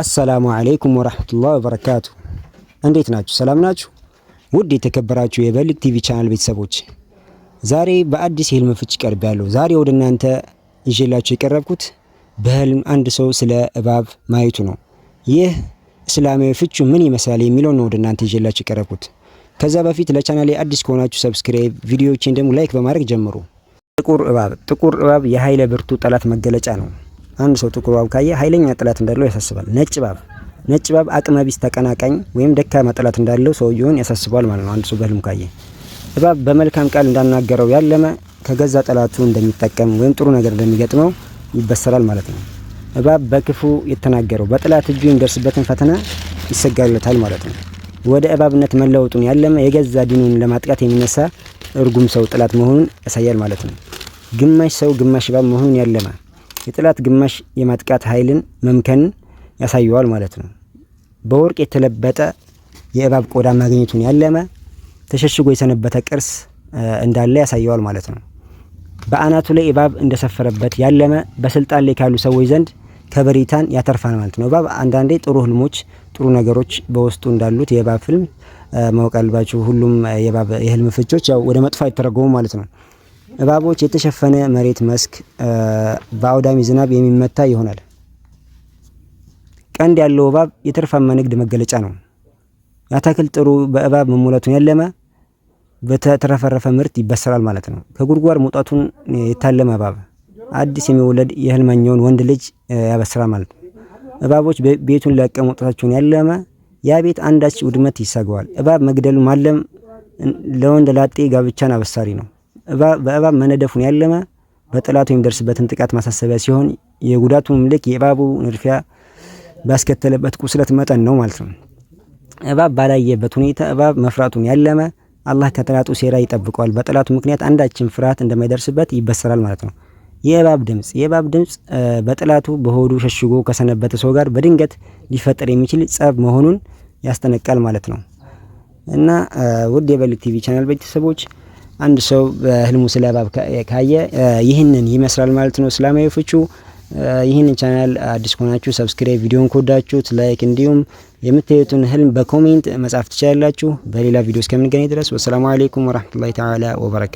አሰላሙ አለይኩም ወራህመቱላሂ ወበረካቱ። እንዴት ናችሁ? ሰላም ናችሁ? ውድ የተከበራችሁ የበልግ ቲቪ ቻናል ቤተሰቦች ዛሬ በአዲስ የህልም ፍች ቀርቤያለሁ። ዛሬ ወደ እናንተ ይዤላችሁ የቀረብኩት በህልም አንድ ሰው ስለ እባብ ማየቱ ነው። ይህ እስላማዊ ፍቹ ምን ይመስላል የሚለው ነው ወደ እናንተ ይዤላችሁ የቀረብኩት። ከዛ በፊት ለቻናሌ አዲስ ከሆናችሁ ሰብስክራይብ፣ ቪዲዮዎችን ደግሞ ላይክ በማድረግ ጀምሩ። ጥቁር እባብ ጥቁር እባብ የኃይለ ብርቱ ጠላት መገለጫ ነው። አንድ ሰው ጥቁር እባብ ካየ ኃይለኛ ጠላት እንዳለው ያሳስባል። ነጭ እባብ ነጭ እባብ አቅመ ቢስ ተቀናቃኝ ወይም ደካማ ጠላት እንዳለው ሰውየውን ያሳስባል ማለት ነው። አንድ ሰው በህልም ካየ እባብ በመልካም ቃል እንዳናገረው ያለመ ከገዛ ጠላቱ እንደሚጠቀም ወይም ጥሩ ነገር እንደሚገጥመው ይበሰራል ማለት ነው። እባብ በክፉ የተናገረው በጠላት እጁ የሚደርስበትን ፈተና ይሰጋለታል ማለት ነው። ወደ እባብነት መለወጡን ያለመ የገዛ ዲኑን ለማጥቃት የሚነሳ እርጉም ሰው ጠላት መሆኑን ያሳያል ማለት ነው። ግማሽ ሰው ግማሽ እባብ መሆኑን ያለመ የጠላት ግማሽ የማጥቃት ኃይልን መምከንን ያሳየዋል ማለት ነው። በወርቅ የተለበጠ የእባብ ቆዳ ማግኘቱን ያለመ ተሸሽጎ የሰነበተ ቅርስ እንዳለ ያሳየዋል ማለት ነው። በአናቱ ላይ እባብ እንደሰፈረበት ያለመ በስልጣን ላይ ካሉ ሰዎች ዘንድ ከበሬታን ያተርፋል ማለት ነው። እባብ አንዳንዴ ጥሩ ህልሞች፣ ጥሩ ነገሮች በውስጡ እንዳሉት የእባብ ፍልም ማወቅ አለባችሁ። ሁሉም የእባብ የህልም ፍቾች ያው ወደ መጥፎ አይተረጎሙ ማለት ነው። እባቦች የተሸፈነ መሬት መስክ በአውዳሚ ዝናብ የሚመታ ይሆናል። ቀንድ ያለው እባብ የትርፋማ ንግድ መገለጫ ነው። የአታክል ጥሩ በእባብ መሙላቱን ያለመ በተትረፈረፈ ምርት ይበሰራል ማለት ነው። ከጉድጓድ መውጣቱን የታለመ እባብ አዲስ የሚወለድ የህልመኛውን ወንድ ልጅ ያበስራል ማለት ነው። እባቦች ቤቱን ለቀ መውጣታቸውን ያለመ ያ ቤት አንዳች ውድመት ይሰገዋል። እባብ መግደሉ ማለም ለወንድ ላጤ ጋብቻን አበሳሪ ነው። በእባብ መነደፉን ያለመ በጠላቱ የሚደርስበትን ጥቃት ማሳሰቢያ ሲሆን የጉዳቱ ልክ የእባቡ ንድፊያ ባስከተለበት ቁስለት መጠን ነው ማለት ነው። እባብ ባላየበት ሁኔታ እባብ መፍራቱን ያለመ አላህ ከጠላቱ ሴራ ይጠብቀዋል። በጠላቱ ምክንያት አንዳችን ፍርሃት እንደማይደርስበት ይበሰራል ማለት ነው። የእባብ ድምፅ የእባብ ድምፅ በጠላቱ በሆዱ ሸሽጎ ከሰነበተ ሰው ጋር በድንገት ሊፈጠር የሚችል ጸብ መሆኑን ያስጠነቃል ማለት ነው። እና ውድ የበልግ ቲቪ ቻናል ቤተሰቦች አንድ ሰው በህልሙ ስለ እባብ ካየ ይህንን ይመስላል ማለት ነው እስላማዊ ፍቹ። ይህንን ቻናል አዲስ ከሆናችሁ ሰብስክራይብ፣ ቪዲዮን ከወዳችሁት ላይክ፣ እንዲሁም የምታዩትን ህልም በኮሜንት መጻፍ ትችላላችሁ። በሌላ ቪዲዮ እስከምንገናኝ ድረስ ወሰላሙ አሌይኩም ወረህመቱላሂ ተዓላ ወበረካቱ።